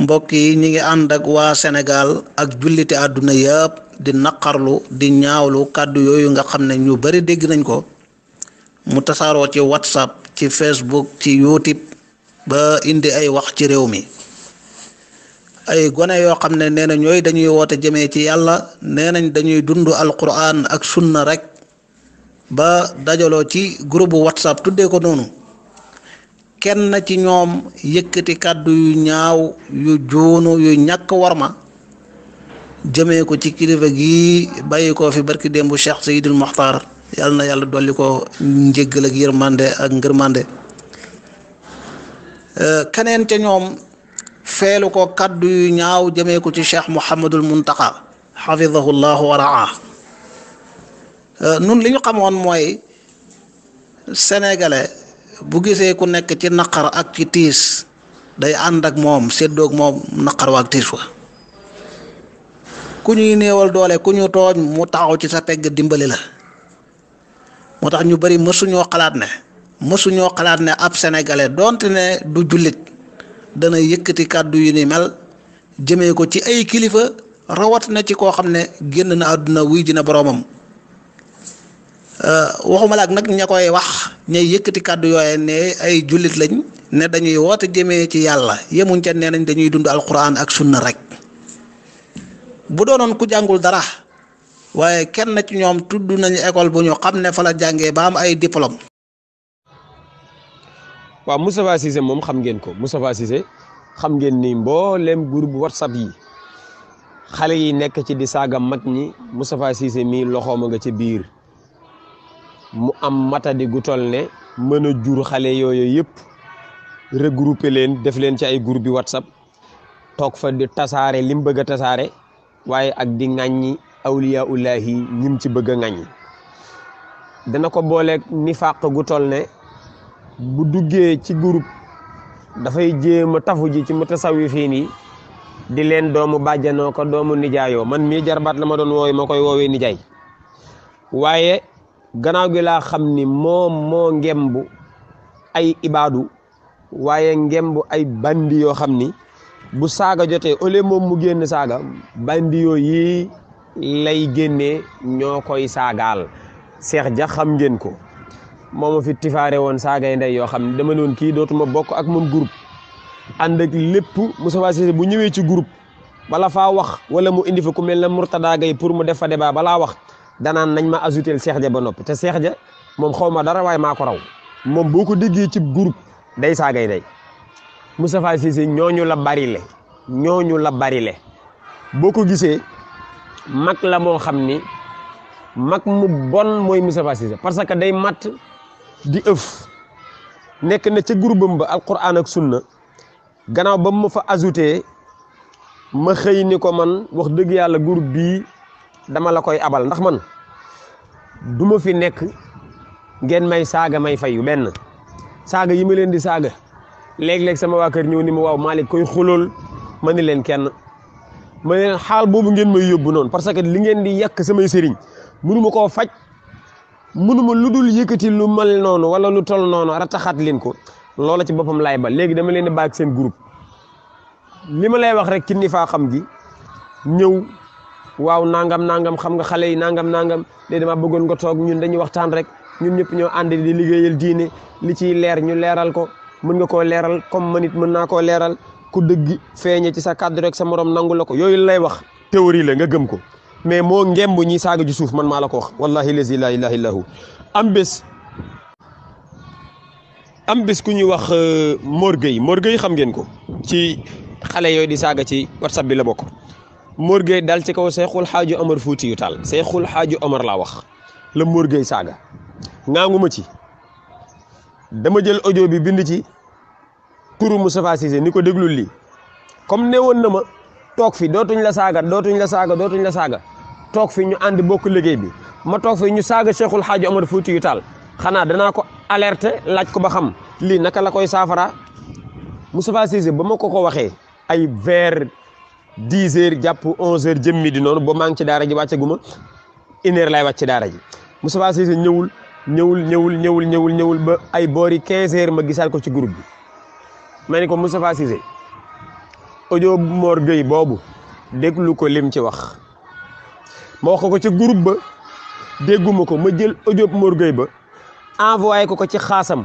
mbokk yi ñi ngi ànd ak waa Sénégal ak julliti àdduna yëpp di naqarlu di ñaawlu kàddu yooyu nga xam ne ñu bari dégg nañ ko mu tasaaroo ci whatsapp ci facebook ci youtube ba indi ay wax ci réew mi ay gone yoo xam ne nee na ñooy dañuy woote jëmee ci yàlla nee nañ dañuy dund alquran ak sunna rek ba dajaloo ci groupe whatsapp tuddee ko noonu kenn ci ñoom yëkkati kàddu yu ñaaw yu joono yu ñàkk warma jëmee ko ci kilifa gi bàyyi ko fi barki démbu Cheikh Seydil Moxtaar yàlla na yàlla dolli ko njéggal ak yërmande ak ngërmande euh, keneen ca ñoom feelu ko kàddu yu ñaaw jëmee ko ci Cheikh Mouhamadul Muntaqa xafidahu llahu wa euh, nun li xamoon mooy sénégalais bu gisee ku nekk ci naqar ak tiis day ànd ak moom seddoog moom naqar waak tiis wa ku ñuy néewal doole ku ñu tooñ mu taxaw ci sa pegg dimbali la moo tax ñu bari mësuñoo xalaat ne mësuñoo xalaat ne ab sénégalais dont ne du jullit dana yëkkati kàddu yu ni mel jëmee ko ci ay kilifa rawat na ci koo xam ne génn na àdduna wuy dina boroomam euh, waxuma la ak nag ña koy wax ñay yëkkati kàddu yooye ne ay jullit lañ ne dañuy woote jëmee ci yàlla yemuñ ca nee nañ dañuy dund alquran ak sunna rek bu doonoon ku jàngul dara waaye kenn ci ñoom tudd nañu école bu ñu xam ne fa la jàngee ba am ay diplôme. waaw Moustapha Cissé moom xam ngeen ko Moustapha Cissé xam ngeen ni mboolem groupe whatsapp yi xale yi nekk ci di saaga mag ñi Moustapha Cissé mii loxoom nga ci biir. mu am matadi gu toll ne mën a jur xale yooyu yëpp regrouper leen def leen ci ay groupe bi whatsapp toog fa di tasaare lim bëgg a tasaare waaye ak di ŋàññi awliya ullahi ñim ci bëgg a dana ko boole ni nifaq gu toll ne bu duggee ci gurup dafay jéem a tafu ji ci mutasawifiin yi di leen doomu bàjjanoo ko doomu nijaayoo man mii jarbaat la ma doon woowee ma koy woowee nijaay waaye gannaaw gi laa xam ni moom moo ngemb ay ibaadu waaye ngemb ay bandi yoo xam ni bu saaga jotee au lieu moom mu génn saaga bandi yoo yi lay génnee ñoo koy saagaal seex ja xam ngeen ko mooma fi tifaare woon saagay ndey yoo xam ne dama noon kii dootuma bokk ak moom group ànd ak lépp Moustapha Cissé bu ñëwee ci groupe bala faa wax wala mu indi fa ku mel na Mourtada yi pour mu def fa débat balaa wax danaan nañ ma ajouté Cheikh Dia ba noppi te Cheikh ja moom xawma dara waaye maa ko raw moom boo ko déggee ci groupe day saagay day Moustapha Cissé ñooñu la bari ñooñu la bari boo ko gisee mag la moo xam ni mag mu bon mooy Moustapha Cissé parce que day matt di ëf nekk na ca groupam ba alquran ak sunna gannaaw ba mu fa ajouté ma xëy ni ko man wax dëgg yàlla groupe bii dama la koy abal ndax man du ma fi nekk ngeen may saaga may fay fayu benn saaga yi ma leen di saaga léeg-léeg sama waa kër ñëw ni ma waaw Malick koy xulool ma ni leen kenn ma ne leen xaal boobu ngeen may yóbbu noonu parce que li ngeen di yàq samay sëriñ mënuma koo faj munuma lu dul yëkkati lu mel noonu wala lu tol noonu rataxaat leen ko loola ci boppam laay ba léegi dama leen di seen groupe li ma lay wax rek ci ni faa xam gi ñëw waaw nangam nangam xam nga xale yi nangam nangam de dama bëggoon nga toog ñun dañuy waxtaan rek ñun ñëpp ñoo andi di liggéeyal diine li ciy leer ñu leeral ko mën nga koo leeral comme manit mën naa koo leeral ku dëgg feeñe ci sa kàddu rek sa morom nangu ko yooyu lay wax théorie la nga gëm ko mais moo ngemb ñi saaga ju suuf man maa la ko wax wallahi lazi la ilaha illahu am bés am bés ku ñuy wax morgey euh, morgey xam ngeen ko ci xale yooyu di saaga ci whatsapp bi la bokk Mor Gueye dal ci kaw Seexul Xaaju Omar Fuuti yu taal Seexul Xaaju Omar laa wax la Mor Gueye saaga ngaanguma ci dama jël ojo bi bind ci turu Moustapha Cissé ni ko déglul lii comme ne woon na ma toog fi dootuñ la saaga dootuñ la saaga dootuñ la saaga toog fi ñu ànd bokk liggéey bi ma toog fi ñu saaga Seexul Xaaju Omar Fuuti yu xanaa danaa ko alerter laaj ko ba xam lii naka la koy saafara Moustapha ba ma ko ko waxee ay vers dix heures jàpp onze heures jëm di noonu ba maa ci daara ji wàccaguma une heure laay wàcc ci daara ji Moustapha Cissé ñëwul ñëwul ñëwul ñëwul ñëwul ñëwul ba ay boori quinze heures ma gisaal ko ci groupe bi ma ne ko Moustapha Cissé audio Mor Gueye boobu déglu ko lim ci wax ma wax ko ko ci groupe ba dégguma ko ma jël audio Mor Gueye ba envoyé ko ko ci xaasam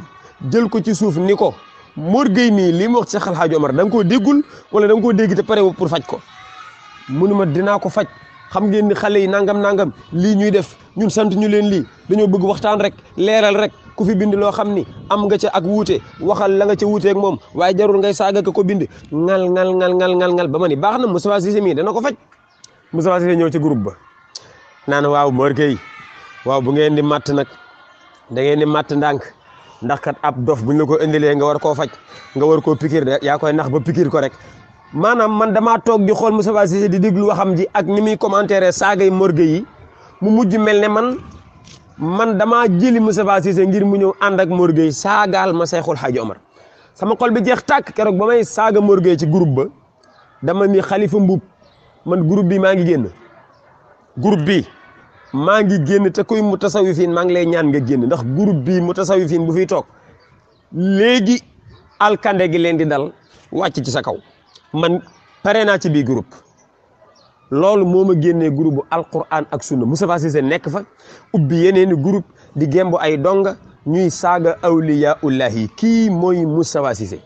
jël ko ci suuf ni ko Mor Gueye mii li mu wax ci Seex Alxaaji Omar da nga koo déggul wala da koo dégg te pare pour faj ko munuma dinaa ko faj xam ngeen ni xale yi nangam nangam lii ñuy def ñun sant ñu leen lii dañoo bëgg waxtaan rek leeral rek ku fi bind loo xam ni am nga ca ak wuute waxal la nga ca wuuteeg moom waaye jarul ngay saaga ko bind ngal ngal ngal ngal ngal ngal ba ma ni baax na Moustapha Cissé mii dana ko faj Moustapha Cissé ñëw ci groupe ba naan waaw Mor Gueye waaw bu ngeen di matt nag da ngeen di ndànk ndax kat ab dof buñ la ko indilee nga war ko fajj nga war ko pikir de ya koy nax ba pikir ko rek manam man dama tok di xol Moustapha Cissé di deglu waxam ji ak ni muy commentaire sagay morgue yi mu mujj melne man man dama jëli Cissé ngir mu ñew and ak morgue yi sagal ma cheikhul hadji Omar sama xol bi jeex tak kérok ba may saaga morgue ci groupe ba dama ni khalifa mbub man groupe bi ma ngi genn groupe bi maa ngi génn te kuy mutasawifin maa ngi lay ñaan nga génn ndax groupe bi mutasawifin bu fiy toog léegi alkande gi leen di dal wàcc ci sa kaw man pare naa ci bii groupe loolu moom a génne groupe bu alquran ak sunna Moustapha Cissé nekk fa ubbi yeneeni groupe di gembu ay donga ñuy saaga awliyaullahi kii mooy Moustapha Cissé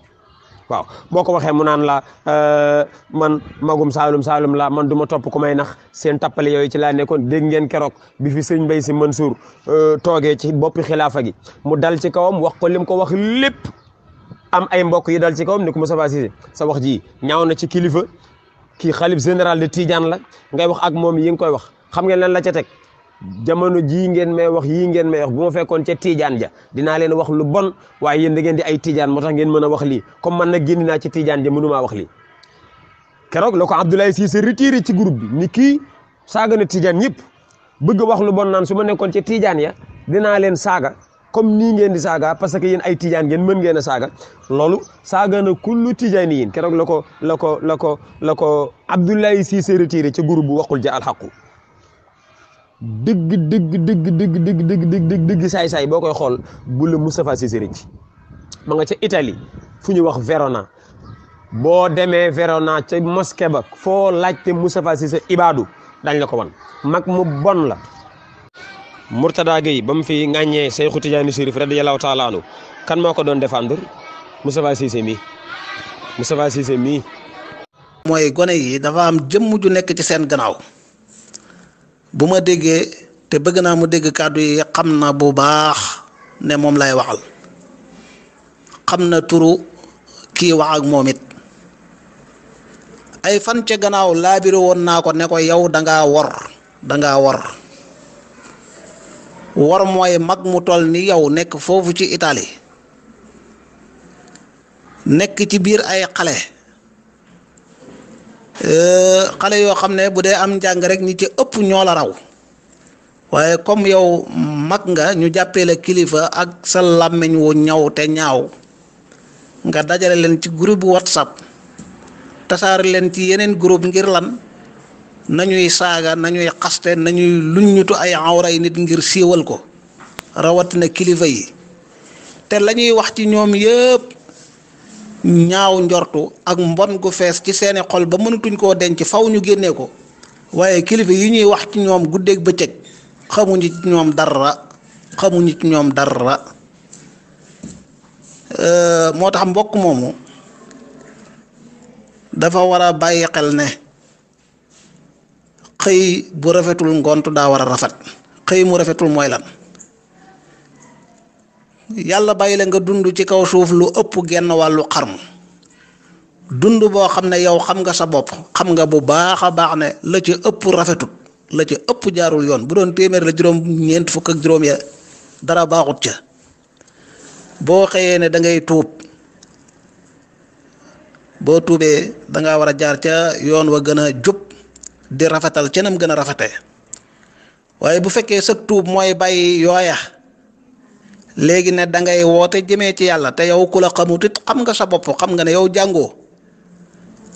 waaw boo ko waxee mu naan la euh, man magum saalum saalum la man du ma topp ku may nax seen tappali yooyu ci laa nekkoon dégg ngeen keroog bi fi sëñ Mbay Si man Mansour euh, toogee ci boppi xilaafa gi mu dal ci kawam wax ko lim ko wax lépp am ay mbokk yi dal ci kawam ni ko Moustapha si sa wax ji ñaaw na ci kilifa kii xalif général de Tidiane la ngay wax ak moom yi nga koy wax xam ngeen lan la ca teg jamono jingen ngeen may wax yi ngeen may wax bu ma fekkoon ca Tidiane ja dina len wax lu bon waye yeen da ngeen di ay Tidiane motax ngeen meuna wax li comme man nag gennina ci Tidiane ja mënumaa wax li kérok lako ko Abdoulaye Cissé retiré ci groupe bi ni kii na Tidiane ñep bëgg wax lu bon naan suma nekkon ci Tidiane ya dina len saga comme ni ngeen di saga parce que yeen ay Tidiane ngeen meun ngeen saga lolu saga na kullu Tidiane yi kérok lako lako lako lako ci groupe bu waxul ja dëgg dëgg dëgg dëgg dëgg dëgg dëgg dëgg saay-saay boo koy xool bu la Moustapha Cissé ci ma nga ca Italie fu ñu wax Verona boo demee Verona ca mosquée ba foo laajte Moustapha Cissé ibaadu dañ la ko wan mag mu bon la Mourtada Gueye ba mu fi ŋàññee Seexu Tijaani Chérif radiyallaahu taala anhu kan moo ko doon défendre Moustapha Cissé mi Moustapha Cissé mii mooy gone yi dafa am jëmm ju nekk ci seen gannaaw bu ma déggee te bëgg naa mu dégg kàddu yi xam na bu baax ne moom lay waxal xam na turu kii wax ak moom it ay fan ca gannaaw laabiri woon naa ko ne ko yow dangaa wor dangaa wor wor mooy mag mu toll ni yow nekk foofu ci itali nekk ci biir ay xale Euh, xale yoo xam ne bu dee am njàng rek ñi ci ëpp ñoo la raw waaye comme yow mag nga ñu jàppee la kilifa ak sa làmmiñ wu ñaw te ñaaw nga dajale leen ci groupe whatsapp tasaare leen ci yeneen groupe ngir lan nañuy saaga nañuy xaste nañuy luññutu ay awray nit ngir siiwal ko rawatina kilifa yi te lañuy wax ci ñoom yëpp ñaaw njortu ak mbon gu fees ci seeni xol ba mënatuñ koo denc faw ñu génnee ko waaye kilifa yi ñuy wax ci ñoom guddeeg bëccëg xamuñu ci ñoom dara xamuñu ci ñoom dara euh, moo tax mbokk moomu dafa war a bàyyi xel ne xëy bu rafetul ngont daa war a rafet xëy mu rafetul mooy lan yàlla bàyyi la nga dund ci kaw suuf lu ëpp genn wàllu xarmu dund boo xam ne yow xam nga sa bopp xam nga bu baax a baax ne la ci ëpp rafetut la ci ëpp jaarul yoon bu doon téeméer la juróom ñeent fukk ak juróom ya dara baaxut ca boo xëyee ne dangay tuub boo tuubee da war a jaar ca yoon wa gën a jub di rafetal cenam gën a rafetee waaye bu fekkee sa tuub mooy bàyyi yooya léegi ne dangay woote jëmee ci yàlla te yow ku la xamut it xam nga sa bopp xam nga ne yow jàngoo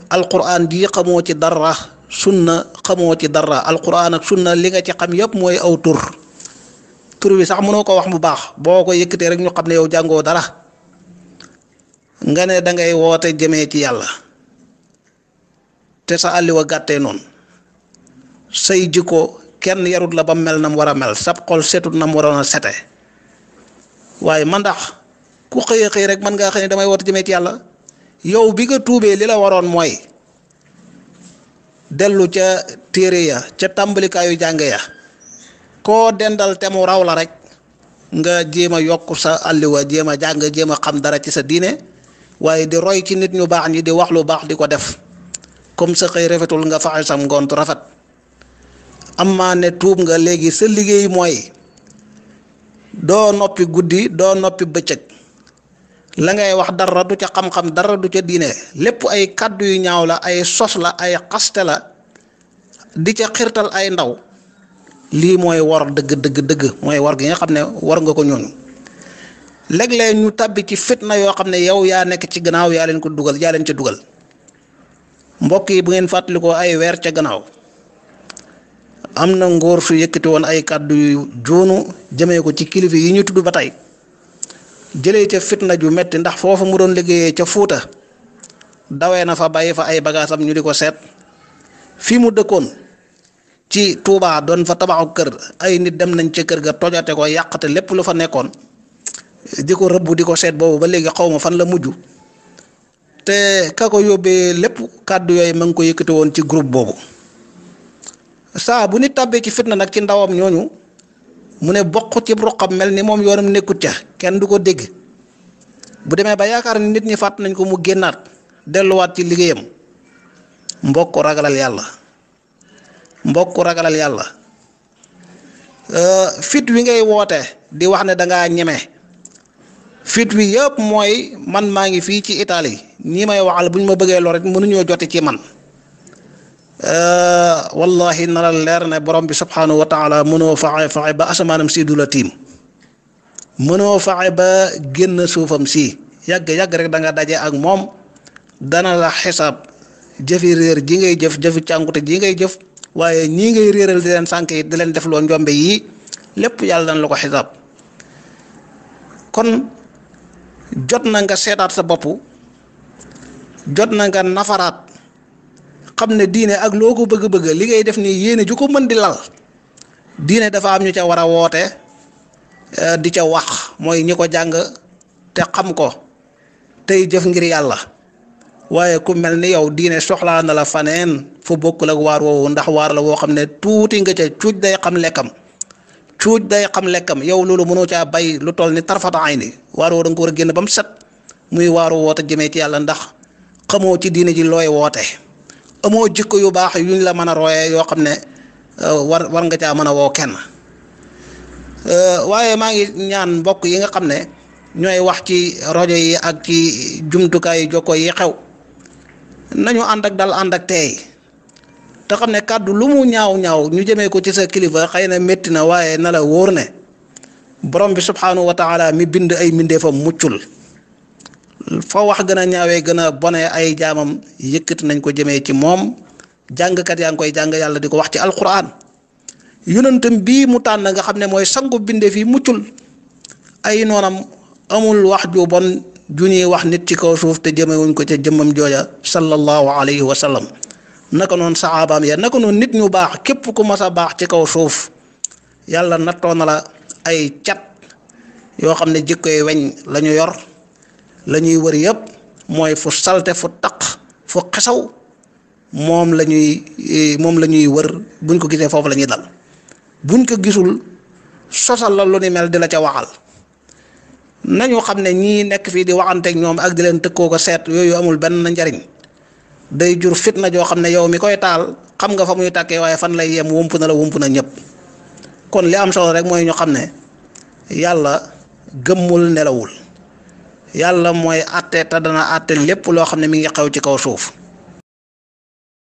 alquran jii xamoo ci dara sunna xamoo ci dara alquran ak sunna li nga ci xam yëpp mooy aw tur tur bi sax mënoo ko wax bu baax boo ko yëkkatee rek ñu xam ne yow jàngoo dara nga ne da ngay woote jëmee ci yàlla te sa àlliwa gàttee noonu say jikko kenn yarut la ba mel na mu war a mel sab xol setut na mu waroon a sete waaye mandax ku xëyee xëy rek man ngaa xëy ne damay woote jëmee yàlla yow bi nga tuubee li la waroon mooy dellu ca téere ya ca tàmbalikaayu jàng ya koo dendal te mu raw la rek nga jéem a yokk sa àlliwa jéem a jàng jéem a xam dara ci sa diine waaye di roy ci nit ñu baax ñi di wax lu baax di ko def comme sa xëy rafetul nga faxe sam ngoontu rafet am maa ne tuub nga léegi sa liggéey mooy doo noppi guddi doo noppi bëccëg langay wax dara du ca xam-xam dara du ca diine lépp ay kàddu yu ñaaw la ay sos la ay xaste la di ca xirtal ay ndaw lii mooy wor dëgg dëgg dëgg mooy wor gi nga xam ne war nga ko ñooñu léeg-léeg ñu tàbbi ci fitna yoo xam ne yow yaa nekk ci gannaaw yaa leen ko dugal yaa leen ca dugal mbokk yi bu ngeen fàttalikoo ay weer ca gannaaw. am na ngóor su yëkkati woon ay kàddu yu joonu jëmee ko ci kilifa yi ñu tudd ba tey jëlee ca fitna ju metti ndax foofa mu doon liggéeyee ca Fuuta dawee na fa bàyyi fa ay bagaasam ñu di ko seet fii mu dëkkoon ci Touba doon fa tabaxu kër ay nit dem nañ ca kër ga tojate ko yàqate lépp lu fa nekkoon di ko rëbb di ko seet boobu ba léegi xaw ma fan la mujj te ka ko yóbbee lépp kàddu yooyu ma ngi ko yëkkati ci groupe boobu. saa bu nit tàbbee ci fitna nag ci ndawam ñooñu mu ne bokk ci ruqam mel ni moom yoonam nekkut ca kenn du ko dégg bu demee ba yaakaar ni nit ñi fàtt nañ ko mu génnaat delluwaat ci liggéeyam mbokk ragalal yàlla mbokk ragalal yàlla euh, fit wi ngay woote di wax ne danga ñeme fit wi yëpp mooy man maa ngi fii ci Italie ñi may waxal bu ñu ma bëggee lor it mënuñoo jote ci man. Eh, wallahi na la leer ne borom bi subhanahu wa taala muno faxe faxe ba asmanam si du muno tiim ba génn suufam si yag yag rek da nga daje ak mom dana la hisab jëfi reer ji ngay jëf jëfi càngute ji ngay jëf waye ñi ngay reeral di len sànk di len def lo ñombe yi lepp yalla la ko kon jot na nga seetaat sa bop jot na nga nafarat xam ne diine ak loo ko bëgg-bëgg li ngay def nii yéene ju ko mën di lal diine dafa am ñu ca war a woote eh, di ca wax mooy ñi ko jàng te xam ko tey jëf ngir yàlla waaye ku mel ni yow diine soxlaa na la faneen fu bokkul ak waar woowu ndax waar la woo xam ne tuuti nga ca cuuj day xam lekkam cuuj day xam lekkam yow loolu mënoo caa bay lu toll ni tarfata ay ni waar woo da nga a génn ba mu set muy waaru woote jëme ci yàlla ndax xamoo ci diine ji looy woote. amoo jikko yu baax yuñ la mën a royee yoo xam ne euh, war nga caa mën a woo kenn euh, waaye maa ngi ñaan mbokk yi nga xam ne ñooy wax ci rajo yi ak ci jumtukaay yu jokko yi xew nañu ànd ak dal ànd ak teey te xam ne kàddu lu mu ñaaw ñaaw ñu jëmee ko ci sa kilifa xëy na métti na waaye na la wóor ne borom bi subxanahu wa taala mi bind ay mbindeefam muccul. fa wax gën a ñaawee gën a bone ay jaamam yëkkati nañ ko jëmee ci moom jàngkat yaa ngi koy jàng yàlla di ko wax ci alquran yonentam bii mu tànn nga xam ne mooy sangu bindee fi muccul ay noonam amul wax ju bon ju ñuy wax nit ci kaw suuf te jëmewuñ ko ca jëmmam jooja sallallahu alayhi wa sallam naka noon saxaabaam ya naka noon nit ñu baax képp ku mas a baax ci kaw suuf yàlla nattoo la ay cat yoo xam ne jikkoy weñ lañu yor la ñuy wër yëpp mooy fu salte fu taq fu xesaw moom la ñuy eh, moom lañuy wër buñ ko gisee foofu lañuy ñuy dal buñ ko gisul sosal la lu ni mel di la ca waxal nañu xam ne ñii nekk fii di waxanteeg ñoom ak di leen tëkkoo ko seet yooyu amul benn njariñ day jur fitna joo xam ne yow mi koy taal xam nga fa muy tàkkee waaye fan lay yem wump na la wump na ñëpp kon li am solo rek mooy ñu xam ne yàlla gëmmul nelawul yàlla mooy àtte te dana àtte lépp loo xam ne mi ngi xew ci kaw suuf